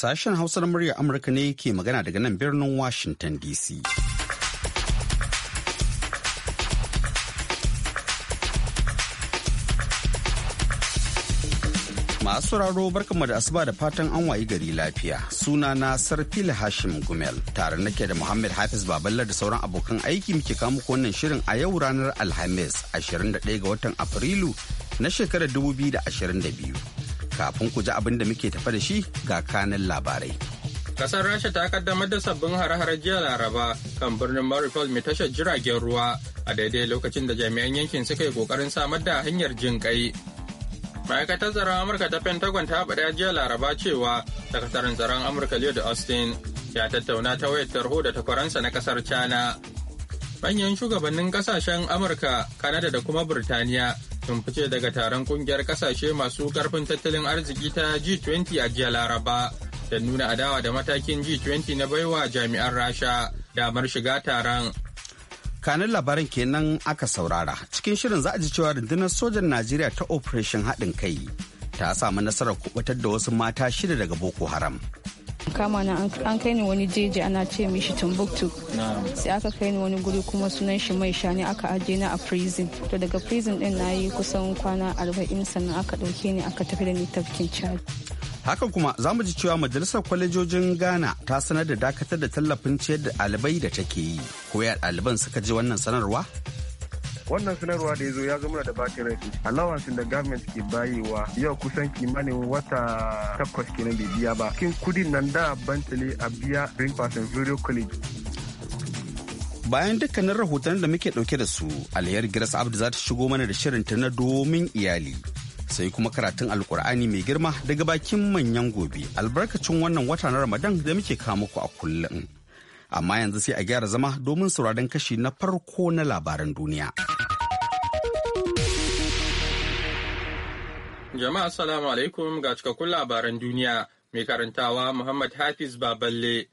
Sashen Hausa na murya Amurka ne ke magana daga nan birnin Washington DC. Masu sauraro barkanmu da asuba da fatan an wayi gari lafiya. Suna na Sarfil Hashim Gumel tare nake da Muhammad Hafiz Baballa da sauran abokan aiki muke kawo wannan shirin a yau ranar Alhamis 21 ga watan Afrilu na shekarar 2022. Kafin ku ji abin da muke tafa da shi ga kanin labarai. Kasar Rasha ta kaddamar da sabbin hare-hare jiya Laraba kan birnin Mariupol mai tashar jiragen ruwa a daidai lokacin da jami'an yankin suka yi kokarin samar da hanyar jin kai. Ma'aikatar tsaron Amurka ta Pentagon ta faɗa jiya Laraba cewa sakataren tsaron Amurka da Austin ya tattauna ta wayar tarho da takwaransa na kasar China. Manyan shugabannin kasashen Amurka, Kanada da kuma Burtaniya sun fice daga taron kungiyar kasashe masu karfin tattalin arziki ta G20 a jiya Laraba da nuna adawa da matakin G20 na baiwa jami'an Rasha damar shiga taron. Kanin labaran kenan aka saurara. Cikin shirin za a ji cewa rundunar sojan Najeriya ta Operation haɗin kai ta samu nasarar kubutar da wasu mata shida daga Boko Haram. kama na an kai ni wani jeji ana ce mishi Timbuktu sai aka kai ni wani guri kuma sunan shi mai shani aka aje ni a prison to daga prison din na yi kusan kwana arba'in sannan aka ɗauke ni aka tafi da ni tafkin Chad. haka kuma za mu ji cewa majalisar kwalejojin ghana ta sanar da dakatar da tallafin ciyar da ɗalibai da take yi ko ya ɗaliban suka ji wannan sanarwa wannan sanarwa da ya zo ya zo mana da bakin rai allowances da government ke bayewa yau kusan kimanin wata takwas kenan bai biya ba kin kudin nan da bantale a biya ring person video college bayan dukkanin rahoton da muke dauke da su aliyar giras abdu za ta shigo mana da shirinta na domin iyali sai kuma karatun alkur'ani mai girma daga bakin manyan gobe albarkacin wannan wata na ramadan da muke kawo muku a kullum amma yanzu sai a gyara zama domin sauraron kashi na farko na labaran duniya. Jama'a assalamu alaikum ga cikakkun labaran duniya mai karantawa Muhammad Hafiz Baballe.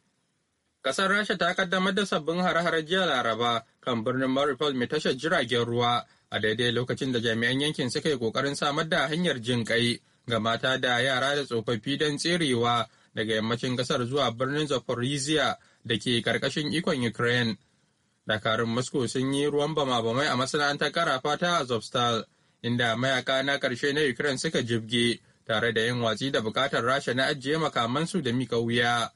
Kasar Rasha ta kaddamar da sabbin hare-hare jiya Laraba kan birnin Mariupol mai tashar jiragen ruwa a daidai lokacin da jami'an yankin suka yi kokarin samar da hanyar jin kai ga mata da yara da tsofaffi don tserewa daga yammacin kasar zuwa birnin Zaporizhia da ke karkashin ikon Ukraine. Dakarun Moscow sun yi ruwan bama-bamai a masana'antar karafa ta Azovstal inda mayaka na ƙarshe na Ukraine suka jibge tare da yin watsi da bukatar Rasha na ajiye makamansu da mika wuya.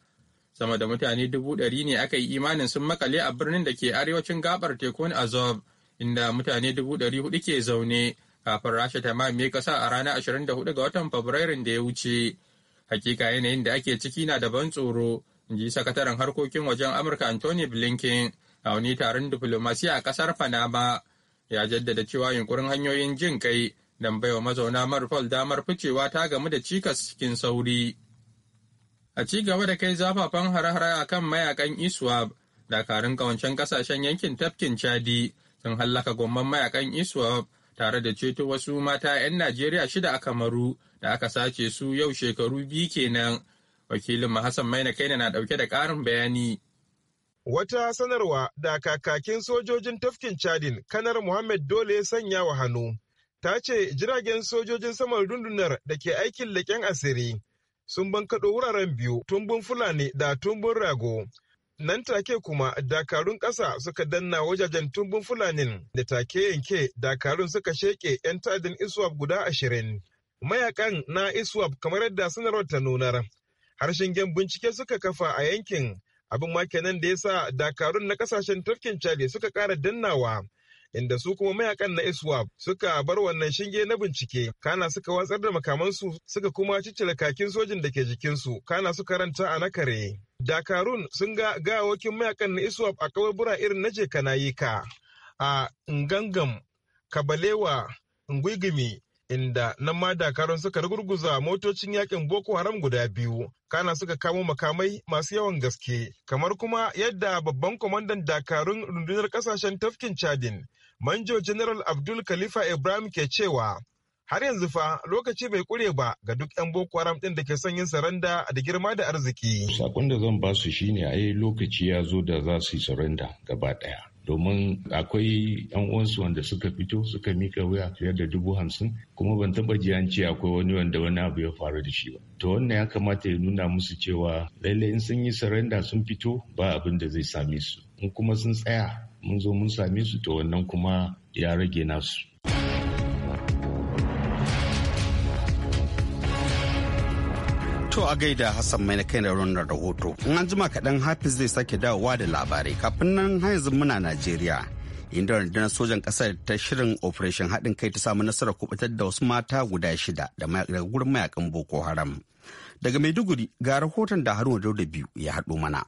Sama da mutane dubu ɗari ne aka yi imanin sun makale a birnin da ke arewacin gabar tekun Azov, inda mutane dubu ɗari hudu ke zaune kafin Rasha ta mame kasa a ranar 24 ga watan Fabrairun da ya wuce. Hakika yanayin da ake ciki na da ban tsoro, in ji sakataren harkokin wajen Amurka Anthony Blinken a wani taron diflomasiya a kasar Panama. ya jaddada cewa yunkurin hanyoyin jin kai don baiwa mazauna marfal damar ficewa ta gamu da cikas cikin sauri. A ci gaba da kai zafafan hare-hare a kan mayakan ISWAP, dakarun kawancen kasashen yankin tafkin Chadi sun hallaka gomman mayakan ISWAP tare da ceto wasu mata 'yan Najeriya shida a Kamaru da aka sace su yau shekaru biyu kenan. Wakilin Hassan Maina Kaina na ɗauke da ƙarin bayani. Wata sanarwa da kakakin sojojin tafkin Chadin kanar Mohammed Dole sanya wa hannu, ta ce jiragen sojojin saman rundunar da ke aikin leƙen asiri sun bankaɗo wuraren biyu tumbun Fulani da tumbun rago. Nan take kuma dakarun ƙasa suka danna wajajen tumbun Fulanin da take yanke dakarun suka sheƙe 'yan ta'adin Iswap guda ashirin. Mayakan na Iswap kamar yadda sanarwar ta nunar. Harshen bincike suka kafa a yankin abin ma kenan da ya sa dakarun na kasashen tafkin chadi suka kara dannawa inda su kuma mayakan na iswap suka bar wannan shinge na bincike kana suka watsar da makamansu suka kuma ciccire kakin sojin da ke jikinsu kana su karanta a nakare dakarun sun ga gawakin mayakan na iswap a kawai irin na ka, a ngangam kabalewa ngwigimi inda nan ma dakarun suka rugurguza motocin yakin boko haram guda biyu kana suka kamo makamai masu yawan gaske kamar kuma yadda babban kwamandan dakarun rundunar kasashen tafkin chadin manjo general abdul khalifa ibrahim ke cewa har yanzu fa lokaci bai kure ba ga duk 'yan boko haram din da ke son yin saranda da girma da arziki. Sakon da zan basu shine a lokaci ya zo da za su yi saranda gaba ɗaya. domin akwai yan uwansu wanda suka fito suka mika wuya fiye da dubu hamsin kuma ban taba ji ce akwai wani wanda wani abu ya faru da shi ba to wannan ya kamata ya nuna musu cewa lalle in sun yi saranda sun fito ba abin da zai same su in kuma sun tsaya mun zo mun same su to wannan kuma ya rage nasu To a gaida Hassan mai na kai da wannan rahoto. In an jima kaɗan Hafiz zai sake dawowa da labarai kafin nan har yanzu muna Najeriya. Inda rundunar sojan ƙasar ta shirin operation haɗin kai ta samu nasarar kubutar da wasu mata guda shida daga gurin mayakan Boko Haram. Daga Maiduguri ga rahoton da Haruna Dauda biyu ya haɗo mana.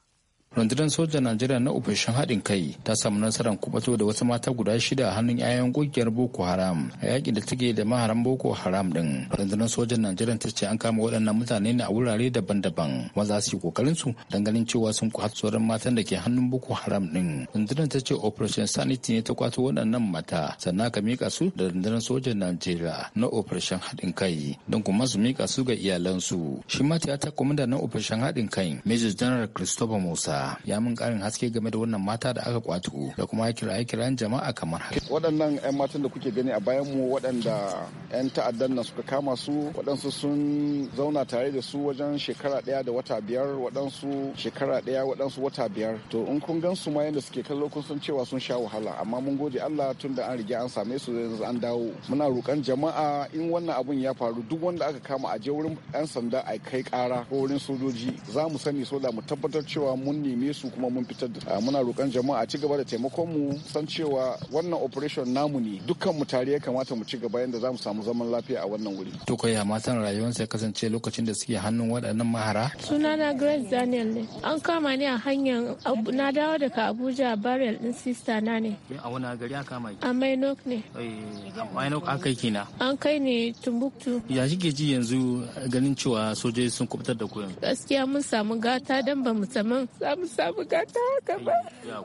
rundunar sojan najeriya na ofishin haɗin kai ta samu nasarar kubato da wasu mata guda shida a hannun 'ya'yan ƙungiyar boko haram a yakin da take da maharan boko haram ɗin. rundunar sojan najeriya ta ce an kama waɗannan mutane ne a wurare daban-daban wanda su yi kokarin su dan ganin cewa sun kwato sauran matan da ke hannun boko haram ɗin. rundunar ta ce operation sanity ne ta kwato waɗannan mata sannan ka mika su da rundunar sojan najeriya na operation haɗin kai don kuma su mika su ga iyalansu shi ma ta kwamanda na operation haɗin kai major general christopher musa ya mun karin haske game da wannan mata da aka kwato da kuma kiraye-kirayen jama'a kamar haka. Waɗannan 'yan matan da kuke gani a bayan mu waɗanda 'yan ta'addan nan suka kama su waɗansu sun zauna tare da su wajen shekara ɗaya da wata biyar waɗansu shekara ɗaya waɗansu wata biyar to in kun gan su ma yadda suke kallo kun san cewa sun sha wahala amma mun gode Allah tun da an rige an same su yanzu an dawo muna roƙan jama'a in wannan abun ya faru duk wanda aka kama a je wurin 'yan sanda a kai ƙara ko wurin sojoji za mu sani so da mu tabbatar cewa mun ne neme su kuma mun fitar da ah, muna roƙon jama'a ci gaba da taimakon mu san cewa wannan operation namu ne dukkan mu tare ya kamata mu ci gaba yadda za mu samu zaman lafiya a wannan wuri. To kai san rayuwar sai kasance lokacin da suke hannun waɗannan mahara? Sunana Grace Daniel ne. An kama ni a hanyar na dawo daga Abuja barrel din sister na ne. A wani gari aka kama ki? A Mainok ne. Eh, Mainok an kai kina? An kai ne Tumbuktu. Ya ke ji yanzu ganin cewa sojoji sun kubutar da ku yanzu? Gaskiya mun samu gata dan ba mu samu mu samu gata haka ba. Ya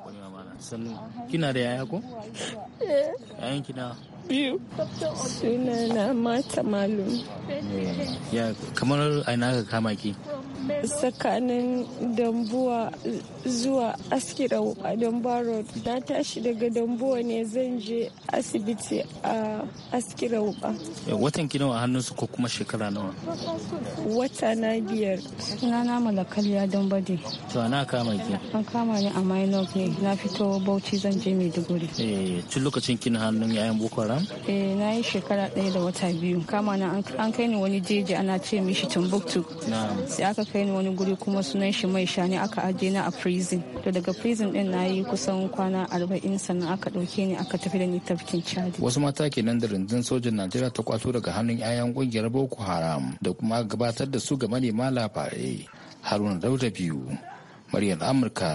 sannu kina da yaya ko? Eh. Yayan kina? Biyu. Suna na mata malum. Eh, ya kamar aina ka kama ki? tsakanin dambuwa zuwa askira a dambuwa road na tashi daga dambuwa ne zan je asibiti a askira wuba eh, watan ki nawa su ko kuma shekara nawa wata na biyar Na malakaliya don bade to ana kama kama an kama ni a minor ne na fito bauchi zan je maiduguri eh tun lokacin kin hannun yayan boko haram eh na yi shekara ɗaya da wata biyu kama na an kai ni wani jeji ana ce mishi timbuktu sai aka kai ni wani guri kuma sunan shi mai shani aka aje na a prison to daga prison din na yi kusan kwana arba'in sannan aka ɗauke ni aka tafi da ni tafkin chad wasu mata kenan da rundun sojin najeriya ta kwato daga hannun yayan ƙungiyar boko haram da kuma gabatar da su ga manema labarai haruna dauda biyu muryar Amurka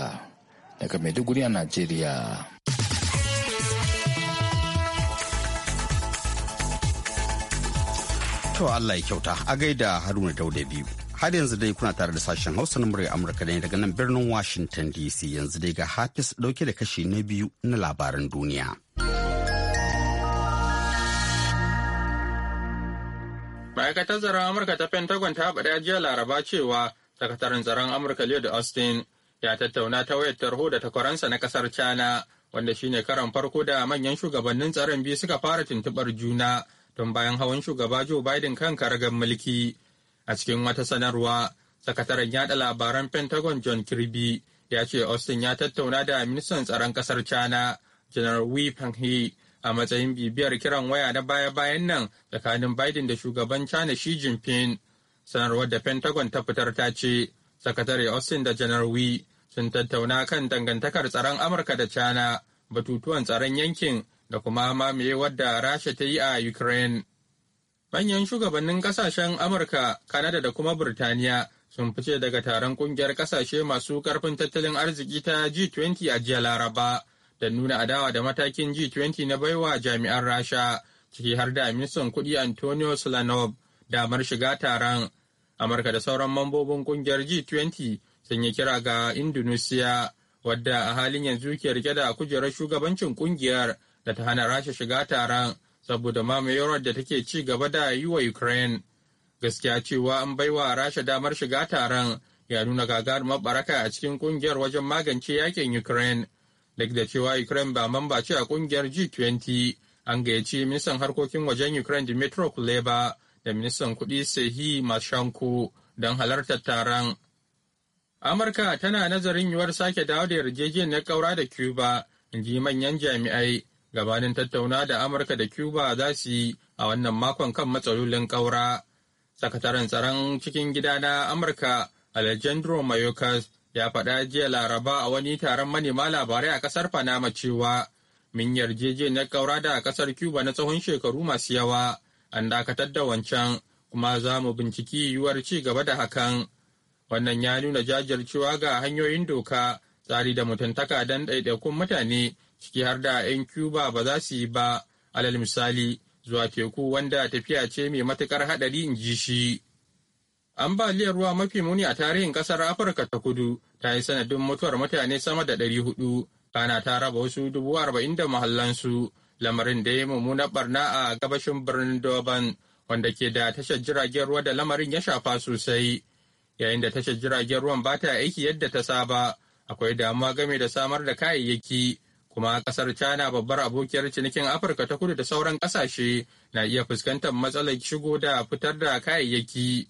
daga Maiduguri a Najeriya. To Allah ya kyauta a gaida Haruna Dauda biyu. Har yanzu dai kuna tare da sashen Hausa na muryar Amurka ne daga nan birnin Washington DC yanzu dai ga Hafiz dauke da kashi na biyu na labaran duniya. Ma'aikatar tsaron Amurka ta Pentagon ta faɗi jiya Laraba cewa sakataren tsaron amurka lloyd austin ya tattauna ta wayar tarho da takwaransa na kasar china wanda shine karan farko da manyan shugabannin tsaron biyu suka fara tuntubar juna don bayan hawan shugaba joe biden kan karagar mulki a cikin wata sanarwa sakataren yada labaran pentagon john kirby ya ce austin ya tattauna da ministan tsaron kasar china janar wei peng a matsayin bibiyar kiran waya na baya-bayan nan tsakanin biden da shugaban china xi jinping sanarwar da pentagon ta fitar ta ce sakatare austin da janar wi sun tattauna kan dangantakar tsaron amurka da china batutuwan tsaron yankin da kuma mamaye wadda rasha ta yi a ukraine manyan shugabannin kasashen amurka kanada da kuma burtaniya sun fice daga taron kungiyar kasashe masu karfin tattalin arziki ta g20 a jiya laraba da nuna adawa da matakin g20 na baiwa jami'an rasha ciki har da ministan kudi antonio slanov damar shiga taron. Amurka da sauran mambobin kungiyar G20 sun yi kira ga Indonesia wadda a halin yanzu ke rike da kujerar shugabancin kungiyar da ta hana rasha shiga taron saboda mamayewar da take ci gaba da yi wa Ukraine. Gaskiya cewa an baiwa rasha damar shiga taron ya nuna gagarumar baraka a cikin kungiyar wajen magance yakin Ukraine. Duk da cewa Ukraine ba mamba ce a kungiyar G20 an gayyaci ministan harkokin wajen Ukraine Dmytro Kuleba da ministan kuɗi Sehi Mashanko don halartar taron. Amurka tana nazarin yiwuwar sake dawo da yarjejeniyar ƙaura da Cuba, in ji manyan jami'ai gabanin tattauna da Amurka da Cuba za su yi a wannan makon kan matsalolin ƙaura. Sakataren tsaron cikin gida na Amurka Alejandro Mayorkas ya faɗa jiya Laraba a wani taron manema labarai a ƙasar Panama cewa min yarjejeniyar ƙaura da ƙasar Cuba na tsawon shekaru masu yawa an dakatar da wancan kuma za mu binciki yiwuwar ci gaba da hakan wannan ya nuna jajircewa ga hanyoyin doka tsari da mutuntaka don ɗaiɗaikun mutane ciki har da 'yan cuba ba za su yi ba alal misali zuwa teku wanda tafiya ce mai matuƙar haɗari in ji shi ambaliyar ruwa mafi muni a tarihin ƙasar afirka ta kudu ta yi sanadin mutuwar mutane sama da ɗari hudu kana ta raba wasu dubu arba'in da muhallansu. lamarin da ya mummunar barna a gabashin birnin durban wanda ke da tashar jiragen ruwa da lamarin ya shafa sosai yayin da tashar jiragen ruwan ba ta aiki yadda ta saba akwai damuwa game da samar da kayayyaki kuma kasar china babbar abokiyar cinikin afirka ta kudu da sauran kasashe na iya fuskantar matsalar shigo da fitar da kayayyaki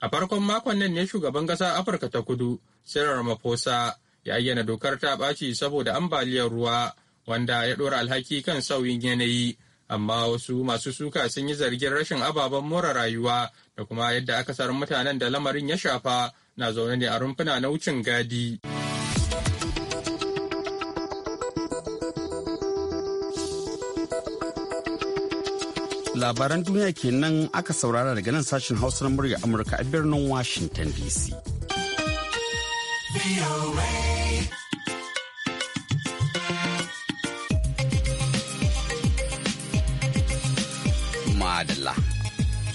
a farkon makon nan ne shugaban kasa afirka ta kudu sirar mafosa ya ayyana dokar ta ɓaci saboda ambaliyar ruwa wanda ya ɗora alhaki kan sauyin yanayi amma wasu masu suka sun yi zargin rashin ababen more rayuwa da kuma yadda akasarin mutanen da lamarin ya shafa na zaune ne a rumfuna na wucin gadi. Labaran duniya kenan aka saurara daga nan sashen hausa na murya Amurka a birnin Washington DC.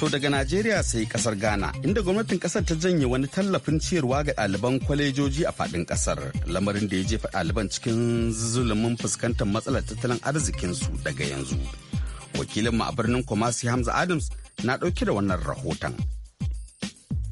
To daga Najeriya sai kasar Ghana, inda gwamnatin kasar ta janye wani tallafin ciyarwa ga ɗaliban kwalejoji a faɗin kasar, lamarin da ya jefa ɗaliban cikin zulumin fuskantar matsalar tattalin arzikinsu daga yanzu. Wakilinmu a birnin Kumasi Hamza Adams na ɗauke da wannan rahoton.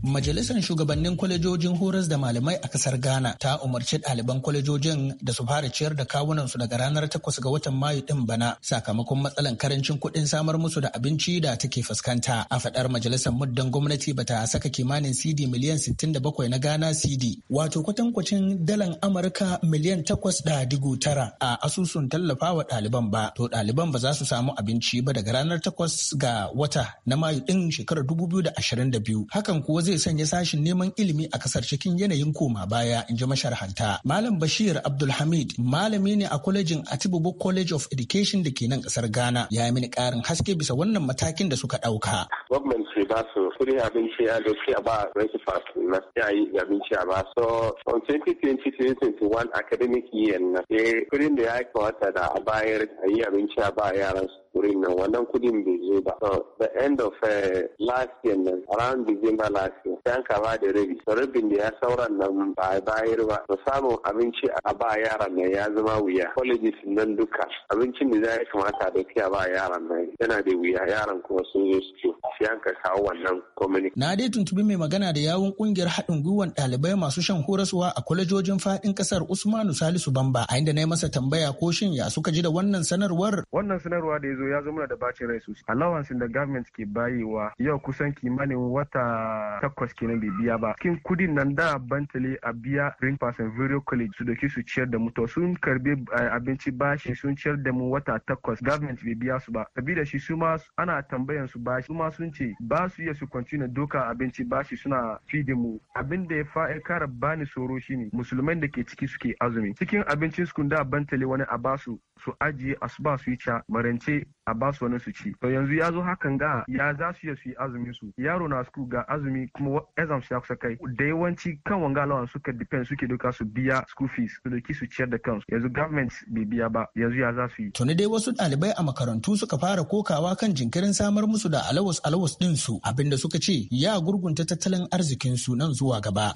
Majalisar shugabannin kwalejojin horas da malamai a kasar Ghana ta umarci ɗaliban kwalejojin da su fara ciyar da kawunansu daga ranar takwas ga watan Mayu ɗin bana sakamakon matsalan karancin kuɗin samar musu da abinci da take fuskanta. A faɗar majalisar muddan gwamnati bata saka kimanin CD miliyan 67 na Ghana CD wato kwatankwacin dalan Amurka miliyan 8.9 a asusun tallafawa ɗaliban ba. To ɗaliban ba za su samu abinci ba daga ranar takwas ga wata na Mayu ɗin shekarar biyu, Hakan kuwa zai sanya sashin neman ilimi a kasar cikin yanayin koma baya in ji masharhanta malam bashir abdulhamid malami ne a kwalejin atibubu college of education da ke nan kasar ghana ya yi mini karin haske bisa wannan matakin da suka ɗauka. gwamnati ce ba su kudin abinci a doki a ba breakfast na ya yi abinci a ba so on 2020-2021 academic year na eh, kudin da ya kamata da a bayar a yi abinci a ba yaran wurin nan wannan kudin bai zo ba so the end of uh, last year nan around December last year sai an kama da rabi so rabin da ya sauran nan ba a bayar ba to samun abinci a ba yaran nan ya zama wuya colleges nan duka abincin da za ya kamata da fiya ba yaran nan yana da wuya yaran kuma sun zo su sai an ka kawo wannan community na dai tuntubi mai magana da yawun kungiyar haɗin gwiwan ɗalibai masu shan horaswa a kwalejojin faɗin ƙasar Usmanu Salisu Bamba a inda na yi masa tambaya ko shin ya suka ji da wannan sanarwar wannan sanarwa da ya zo ya zo na da bacin rai sosai allowance da government ke bayewa yau kusan kimanin wata takwas kenan bai biya ba cikin kudin nan da bantale a biya ring pass and video college su dauki su ciyar da mu to sun karbe eh, abinci bashi sun ciyar da mu wata takwas government bai biya su ba da shi su ma ana tambayan su bashi su ma sun ce ba su iya su continue doka abinci bashi suna fidi mu abin da ya fa kara bani tsoro ne. musulmai da ke ciki suke azumi cikin abincin su da bantale wani a basu su ajiye asuba su yi ca marance a ba su wani su ci to yanzu ya zo hakan ga ya za su iya su yi azumi su yaro na school ga azumi kuma exam ya kusa kai da yawanci kan wanga lawan suka depend suke doka su biya school fees su doki su ciyar da kansu yanzu government bai biya ba yanzu ya za su yi ne dai wasu ɗalibai a makarantu suka fara kokawa kan jinkirin samar musu da alawas alawas din su abinda suka ce ya gurgunta tattalin arzikin su nan zuwa gaba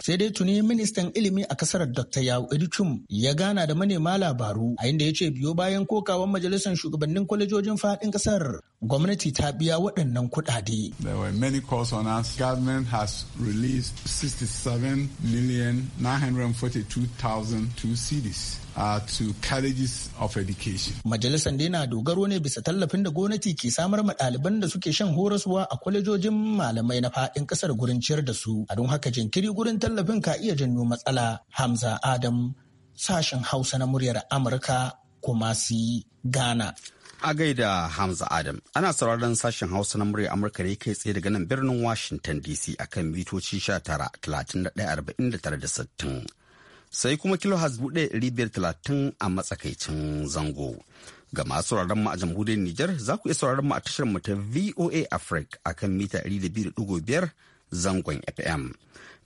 sai dai tuni ministan ilimi a kasar dr yau edichum ya gana da manema labaru a inda ya ce biyo bayan kokawan majalisar majalisar shugabannin kwalejojin Fadin kasar gwamnati ta biya waɗannan kuɗaɗe. There were many calls on us. Government has released 67 million Uh, to colleges of education. Majalisar dai na dogaro ne bisa tallafin da gwamnati ke samar ma ɗaliban da suke shan horaswa a kwalejojin malamai na faɗin ƙasar gurin ciyar da su. A don haka jinkiri gurin tallafin ka iya janyo matsala. Hamza Adam, sashen Hausa na muryar Amurka kuma su yi Ghana. A gaida Hamza Adam, ana sauraron sashen Hausa na murya Amurka ne kai tsaye daga nan birnin Washington DC akan mitoci 19,31,49,60. Sai kuma kilo talatin a matsakaicin zango. Ga masu sauraron mu a jamhuriyar Nijar za ku iya sauraron mu a tashar mu ta VOA Africa akan mita 200.5 zangon FM.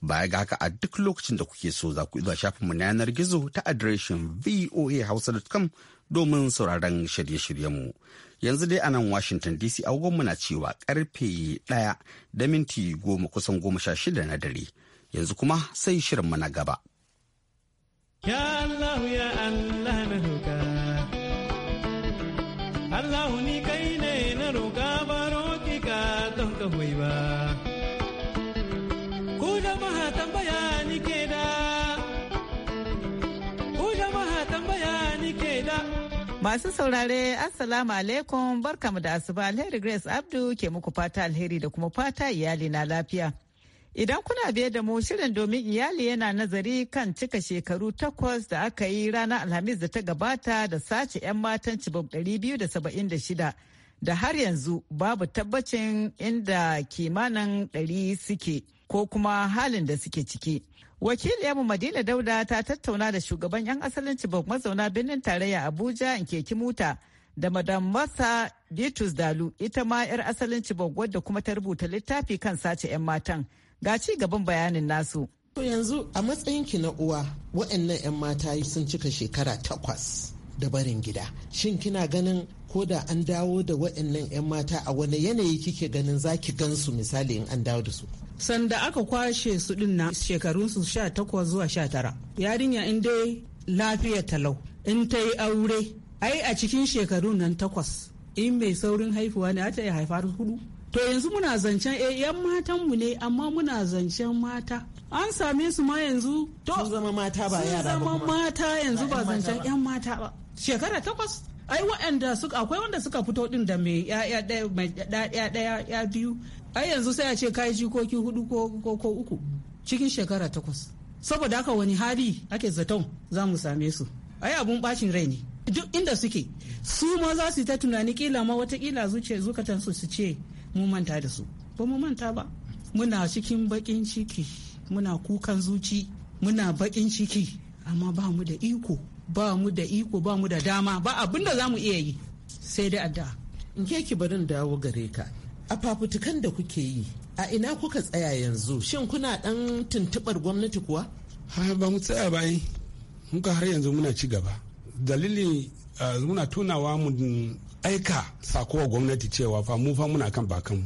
Baya ga haka a duk lokacin da kuke so za ku zuwa shafinmu na yanar gizo ta adireshin voahausa.com domin sauraron shirye-shiryenmu. Yanzu dai a nan Washington DC agogonmu na cewa karfe ɗaya da minti goma kusan goma sha shida na dare. Yanzu kuma sai shirinmu na gaba. Ya Allah ya Allah na roƙa. Allah ni kai ne na roƙa baro ki ka don ka ba. Masu saurare Assalamu alaikum barkamu da asuba alheri Grace Abdu ke muku fata alheri da kuma fata iyali na lafiya. Idan kuna biye da mu shirin domin iyali yana nazari kan cika shekaru takwas da aka yi ranar Alhamis da ta gabata da sace 'yan matan cibab 276 da saba'in da shida har yanzu babu tabbacin inda kimanin 100 suke ko kuma halin da suke ciki. wakiliyar madina dauda ta tattauna da shugaban 'yan asalin cibok mazauna birnin tarayya abuja in keki muta da madam masa bitrus dalu ita ma 'yar asalin cibok wadda kuma ta rubuta littafi kan sace 'yan matan ga ci gaban bayanin nasu to yanzu a matsayin ki na uwa waɗannan 'yan mata sun cika shekara takwas da barin gida shin kina ganin ko da an dawo da waɗannan 'yan mata a wani yanayi kike ganin zaki gansu misali in an dawo da su sanda aka kwashe su din na shekarunsu sha takwas zuwa sha tara yarinya in dai lafiya talau in ta yi aure ai a cikin shekaru nan takwas in mai saurin haifuwa ne ta iya haifar hudu to yanzu muna zancen eh yan matanmu ne amma muna zancen mata an same su ma yanzu to sun zama mata ba yara sun zama mata yanzu ba zancen yan mata ba shekara takwas ai wa'anda suka akwai wanda suka fito din da mai ya ɗaya ya biyu ai yanzu sai a ce kai jikoki hudu ko uku cikin shekara takwas saboda haka wani hali ake zaton za mu same su ai abun bacin rai ne duk inda suke su ma za su ta tunani kila ma watakila zuce zukatan su su ce mu manta da su ba mu manta ba muna cikin bakin ciki muna kukan zuci muna bakin ciki amma ba mu da iko ba mu da iko ba mu da dama ba abin da za mu iya yi sai dai addu'a in ke ki barin dawo gare ka a fafutukan da kuke yi a ina kuka tsaya yanzu shin kuna dan tuntubar gwamnati kuwa ha ba mu tsaya ba muka har yanzu muna ci gaba dalili muna tunawa mu aika sako wa gwamnati cewa fa mu fa muna kan bakan mu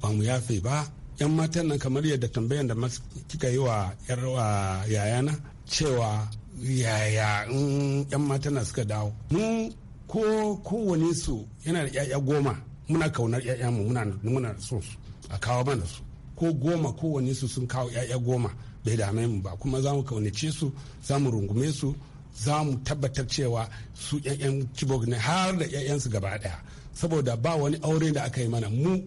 ba mu yafe ba yan matan nan kamar yadda tambayan da kika yi wa yar yayana cewa yaya in mm, yan matan suka dawo mu ko kowane su yana da yaya goma muna kaunar 'ya'yanmu muna muna so su a kawo mana su ko goma wani su sun kawo 'ya'ya goma bai dame mu ba kuma za mu kaunace su za mu rungume su za mu tabbatar cewa su 'ya'yan kibok ne har da 'ya'yansu gaba daya saboda ba wani aure da aka yi mana mu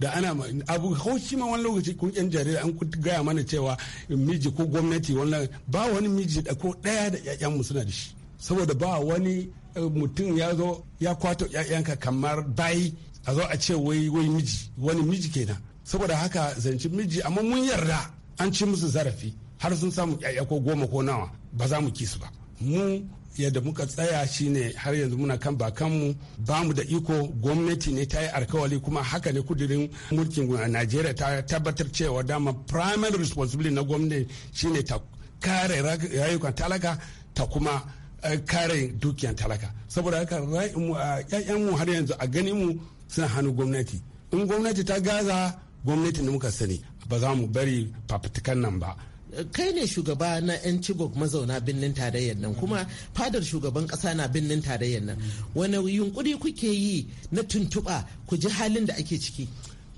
da ana abu haushi ma wani lokaci kun yan jarida an gaya mana cewa miji ko gwamnati wannan ba wani miji da ko daya da ƴaƴanmu suna da shi saboda ba wani eh, mutum ya zo ya kwato 'ya'yanka kamar bayi a zo a ce wai wai miji wani miji kenan saboda haka zanci miji amma mun yarda an ci musu zarafi har sun samu yaya ko goma ko nawa ba za mu ki su ba mu yadda muka tsaya shine har yanzu muna kan bakanmu ba mu da iko gwamnati ne ta yi alkawali kuma haka ne kudirin mulkin najeriya ta tabbatar cewa dama primary responsibility na gwamnati shine ta kare rayukan talaka ta kuma eh, kare dukiyan talaka saboda haka mu har yanzu a ganin mu suna hannu gwamnati in gwamnati ta gaza gwamnati ne muka sani ba za mu bari fafutukan nan ba kai ne shugaba na 'yan cibok mazauna birnin tarayyar nan kuma fadar shugaban kasa na birnin tarayyar nan wani yunkuri kuke yi na tuntuba ku ji halin da ake ciki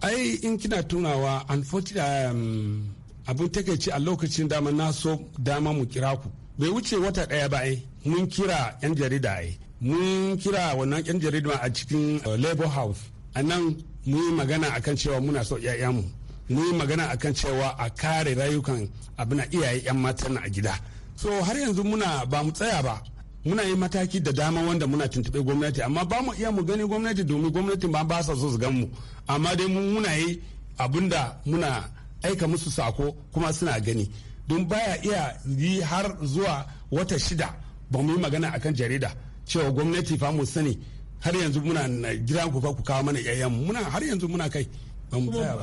ai in kina tunawa unfortunately um, abin take ci a lokacin dama na so dama mu kira ku bai wuce wata ɗaya ba mun kira 'yan jarida ai mun kira wannan yan jarida a cikin uh, labor house a nan mun yi magana akan cewa muna so mu mun yi magana akan cewa a kare rayukan abin iyaye yan matan a gida so har yanzu muna ba mu tsaya ba muna yi mataki da dama wanda muna tuntuɓe gwamnati amma ba mu iya mu gani gwamnati domin gwamnati ba ba sa so su mu amma dai mun muna yi abinda muna aika musu sako kuma suna gani don baya iya yi har zuwa wata shida ba mu yi magana akan jarida cewa gwamnati fa mu sani har yanzu muna gidan ku fa ku kawo mana yayan muna har yanzu muna kai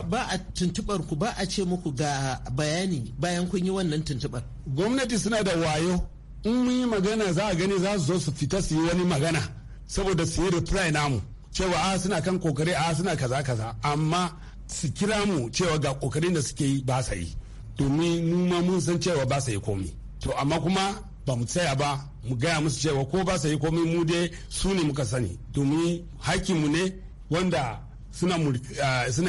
ba a tuntubar ku ba a ce muku ga bayani bayan kun yi wannan tuntubar gwamnati suna da wayo in mun yi magana za a gani za su zo su fita su yi wani magana saboda su yi reply namu cewa a ah, suna kan kokari a ah, suna kaza kaza amma su kira mu cewa ga kokarin da suke yi ba sa yi domin mu ma mun san cewa ba sa yi komi to amma kuma ba mu tsaya ba mu gaya musu cewa ko ba sa yi komai mu dai su ne muka sani domin mu ne wanda suna,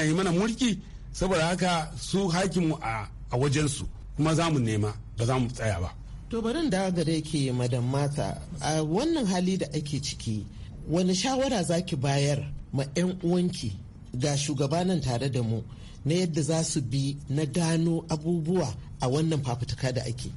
yi mana mulki saboda haka su mu a, a wajensu kuma za mu nema ba za mu tsaya ba to bari da da yake madam mata a wannan hali da ake ciki wani shawara za ki bayar ma 'yan uwanki ga shugaba nan tare da mu na yadda za su bi na gano abubuwa a wannan fafutuka da ake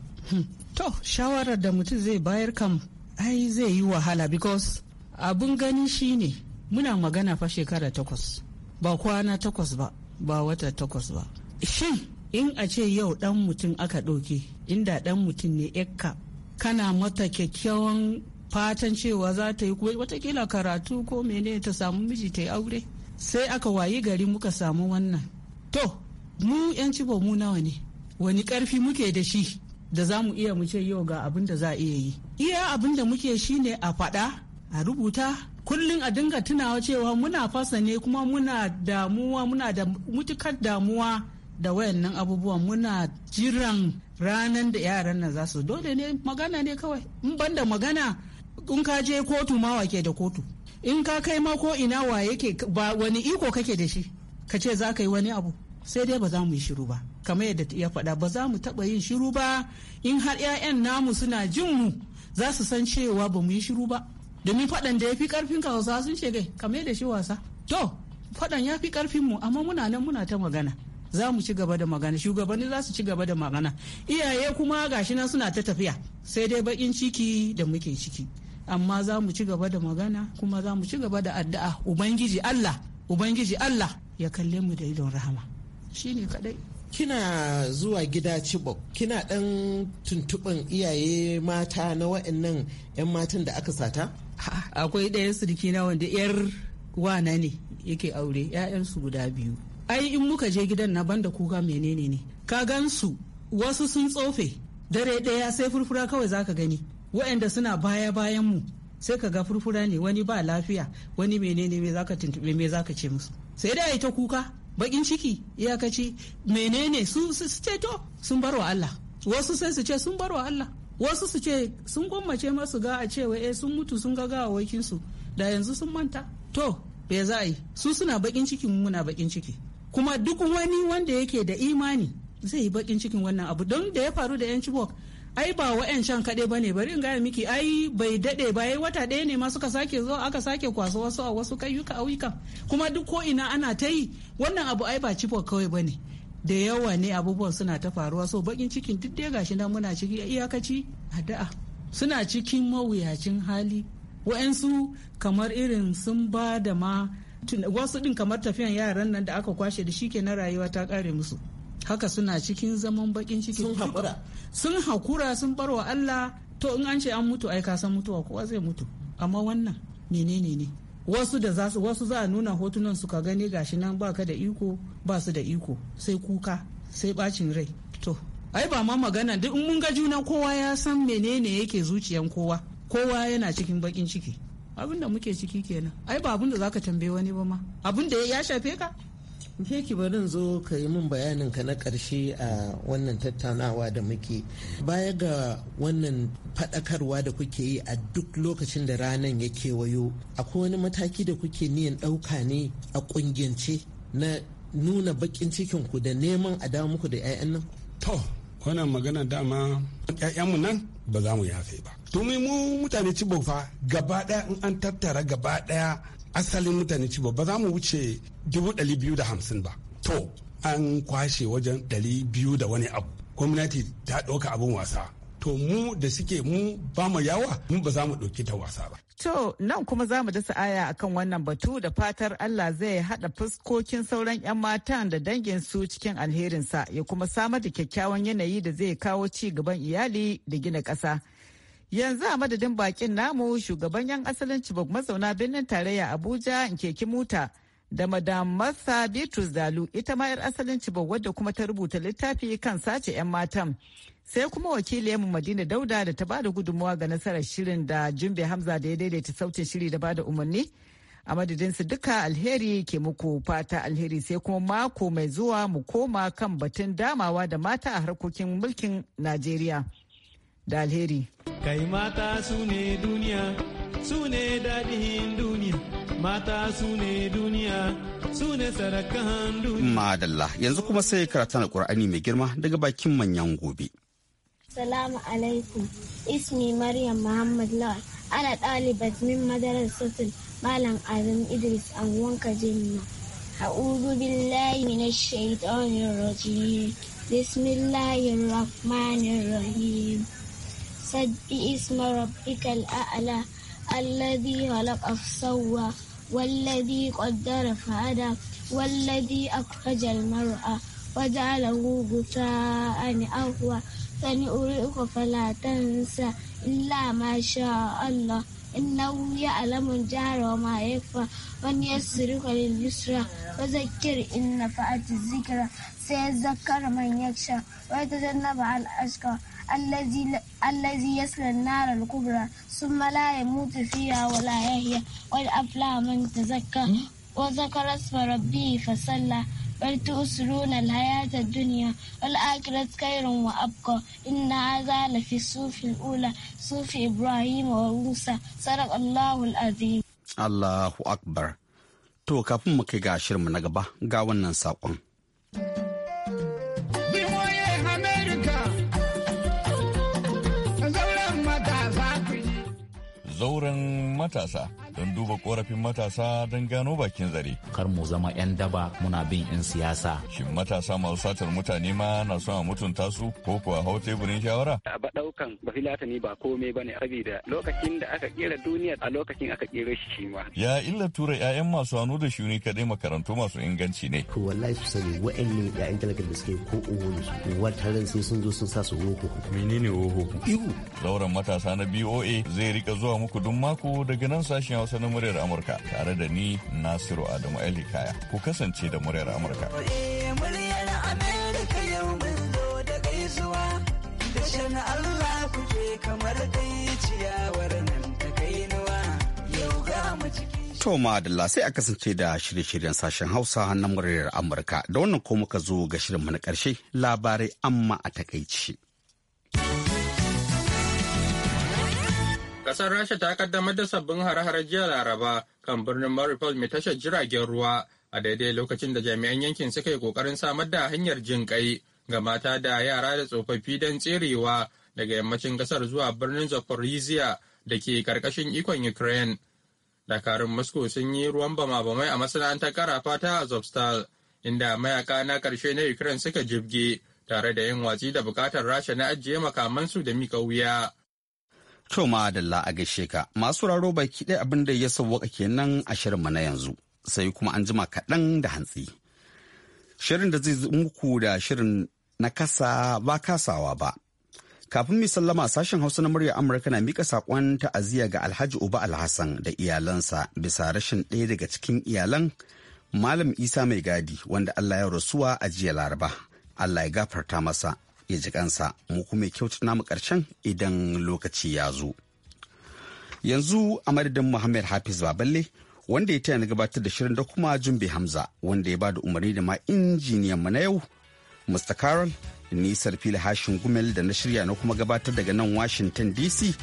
to shawarar da mutum zai bayar kam ai zai yi wahala because abun gani shine muna magana fa shekara takwas ba kwana takwas ba ba wata takwas ba shin in a ce yau dan mutum aka ɗauke inda dan mutum ne ekka kana mata kyakkyawan fatan cewa za ta yi watakila karatu ko mene ta samu miji ta yi aure sai aka wayi gari muka samu wannan to mu yanci ba mu nawa ne wani karfi muke da shi da za mu iya mu ce yau ga abin da za a iya yi iya abin da muke shi ne a faɗa a rubuta kullum a dinga tunawa cewa muna fasa ne kuma muna damuwa muna da mutukar damuwa da wayannan abubuwan muna jiran ranan da yaran nan za su dole ne magana ne kawai in banda magana in ka je kotu ma ke da kotu in ka kai ma ko ina wa yake ba wani iko kake da shi ka ce za ka yi wani abu sai dai ba za mu yi shiru ba kamar yadda ya faɗa ba za mu taɓa yin shiru ba in har 'ya'yan namu suna jin mu za su san cewa ba mu yi shiru ba domin faɗan da ya fi ƙarfin ka hausa sun ce kamar da shi wasa to faɗan ya fi ƙarfin mu amma muna nan muna ta magana za mu ci gaba da magana shugabanni za su ci gaba da magana iyaye kuma gashi nan suna ta tafiya sai dai bakin ciki da muke ciki amma za mu ci gaba da magana kuma za mu ci gaba da addu'a ubangiji allah ubangiji allah ya kalle mu da idon rahama shine kadai kina zuwa gida cibo kina dan tuntuɓin iyaye mata na wa'annan 'yan matan da aka sata? Akwai ɗayan sirki na wanda 'yar wana ne yake aure 'ya'yansu guda biyu. Ai in muka je gidan na banda kuka menene ne. Ka gansu wasu sun tsofe dare ɗaya sai furfura kawai zaka gani. Wa'anda suna baya bayan mu sai ka ga furfura ne wani ba lafiya wani menene me zaka tuntube me zaka ce musu. Sai dai ta kuka bakin ciki iyakaci menene su su ce to sun bar wa Allah wasu sai su ce sun bar Allah wasu su ce sun gwammace masu ga a ce eh sun mutu sun ga gawawakin su da yanzu sun manta to bai za yi su suna bakin ciki muna bakin ciki kuma duk wani wanda yake da imani zai yi bakin cikin wannan abu don da ya faru da yan chibok ai ba wa'yan shan kaɗai ba ne bari in gaya miki ai bai daɗe ba yai wata ɗaya ne ma suka sake zuwa aka sake kwaso wasu a wasu kayyuka auyuka kuma duk ko ina ana ta yi wannan abu ai ba cifo kawai ba ne da yawa ne abubuwan suna ta faruwa so bakin cikin duk dai gashi nan muna ciki iyakaci da'a suna cikin mawuyacin hali wa'yansu kamar irin sun ba da ma wasu din kamar tafiyan yaran nan da aka kwashe da shi kenan rayuwa ta kare musu haka suna cikin zaman bakin ciki sun hakura sun hakura sun barwa Allah to in an ce an mutu ai ka san mutuwa kowa zai mutu amma wannan menene ne wasu da zasu wasu za a nuna hotunan su ka gani gashi nan baka da iko ba su da iko sai kuka sai bacin rai to ai ba ma magana duk in mun ga juna kowa ya san menene yake zuciyan kowa kowa yana cikin bakin ciki abin muke ciki kenan ai ba abin da zaka tambaye wani ba ma abin ya shafe ka ki barin zo ka yi min bayanin ka na ƙarshe a wannan tattaunawa da muke. Baya ga wannan faɗakarwa da kuke yi a duk lokacin da ranar ya kewayo, akwai wani mataki da kuke niyan ɗauka ne a ƙungiyance na nuna baƙin cikinku da neman a dawo muku da 'ya'yan nan? To, wannan magana dama 'ya'yanmu nan ba za mu yafe ba. Domin mu mutane ci bofa gaba ɗaya in an tattara gaba ɗaya asalin mutane ci ba za mu wuce dubu dali biyu da hamsin ba to an kwashe wajen dali biyu da wani abu gwamnati ta ɗauka abin wasa to mu da suke mu ba mu yawa mu ba za mu ɗauki ta wasa ba. To nan kuma za mu dasa aya akan wannan batu da fatar Allah zai haɗa fuskokin sauran 'yan matan da dangin su cikin alherinsa ya kuma samar da kyakkyawan yanayi da zai kawo ci gaban iyali da gina ƙasa. Yanzu a madadin bakin namu shugaban 'yan asalin cibok mazauna birnin tarayya Abuja Nkeki Muta da Madam Martha Bitrus Dalu ita ma 'yar asalin cibok wadda kuma ta rubuta littafi kan sace 'yan matan. Sai kuma wakiliyarmu Madina Dauda da ta ba da gudunmawa ga nasarar shirin da Jumbe Hamza da ya daidaita sautin shiri da ba da umarni. a madadin su duka alheri ke muku fata alheri sai kuma mako mai zuwa mu koma kan batun damawa da mata a harkokin mulkin najeriya da alheri. Kai mata su ne duniya, su ne daɗin duniya, mata su ne duniya, su ne sarakan duniya. Madalla, yanzu kuma sai na alkur'ani mai girma daga bakin manyan gobe. Salamu alaikum, ismi Maryam Muhammad Lawal, ana ɗalibat min madarar sotun Malam Adam Idris Anguwan Kajinna. أعوذ billahi من الشيطان الرجيم بسم الله الرحمن سبح اسم ربك الأعلى الذي خلق فسوى والذي قدر فهدى والذي أخرج المرأة وجعله غثاء أهوى سنؤرئك فلا تنسى إلا ما شاء الله إنه يعلم الجهر وما يخفى ونيسرك لليسرى وذكر إن نفعت الذكرى سيذكر من يخشى ويتجنبها الأشقى allazi yasra nara kubra sun la mutu fiha wa la yahya wa al-afla man tazakka wa zakara asma rabbi fa salla bal tusruna al-hayat ad-dunya wal akhirat khairun wa abqa inna hadha la fi sufi al-ula sufi ibrahim wa musa sarak allah al-azim allahu akbar to kafin mu kai ga shirin na gaba ga wannan sakon zauren matasa. don duba korafin matasa don gano bakin zare. Kar mu zama 'yan daba muna bin 'yan siyasa. Shin matasa masu satar mutane ma na son a mutunta su ko kuwa hau teburin shawara? A ba ɗaukan ba filata ne ba komai ba ne saboda lokacin da aka kera duniya a lokacin aka kera shi shi ma. Ya illa tura 'ya'yan masu hannu da shuni kadai makarantu masu inganci ne. To wallahi su sani wa'annan 'ya'yan talakar da suke ko uwan su sai sun zo sun sa su woho. Menene woho? Ihu. Zauren matasa na BOA zai rika zuwa muku duk mako daga nan sashen Hausa na muryar Amurka tare da ni Nasiru Adamu Ali Kaya. Ku kasance da muryar Amurka. Eh, muryar Amurka sai a kasance da shirye-shiryen sashen Hausa na muryar Amurka da wannan ko muka zo ga shirinmu na ƙarshe labarai amma a takaici. Kasar Rasha ta kaddamar da sabbin hare-hare jiya Laraba kan birnin Mariupol mai tashar jiragen ruwa a daidai lokacin da jami'an yankin suka yi kokarin samar da hanyar jin kai ga mata da yara da tsofaffi don tserewa daga yammacin kasar zuwa birnin Zaporizhia da ke karkashin ikon Ukraine. Dakarun Moscow sun yi ruwan bama-bamai a masana'antar karafa ta Azovstal, inda mayaka na karshe na Ukraine suka jibge tare da yin watsi da bukatar Rasha na ajiye makamansu da mika wuya. To ma Adalla a gaishe ka masu raro baki ɗaya abin da ya sauwaka kenan a shirinmu na yanzu sai kuma an jima kaɗan da hantsi. Shirin da zai muku da shirin na kasa ba kasawa ba. Kafin mi sallama sashen Hausa na murya Amurka na mika saƙon ta'aziyya ga Alhaji Uba Alhassan da iyalansa bisa rashin ɗaya daga cikin iyalan Malam Isa Mai Gadi wanda Allah ya rasuwa a jiya Laraba. Allah ya gafarta masa ya ji kansa mu kuma kyauta namu karshen idan lokaci ya zo yanzu a madadin muhammad hafiz baballe wanda ya taya na gabatar da shirin da kuma jumbe hamza wanda ya bada umarni da ma injiniyan mu na yau mr carol nisar fili hashin gumel da na shirya na kuma gabatar daga nan washington dc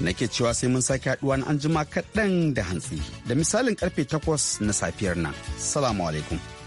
nake cewa sai mun sake haduwa na anjima kaɗan da hantsi da misalin karfe 8 na safiyar nan salamu alaikum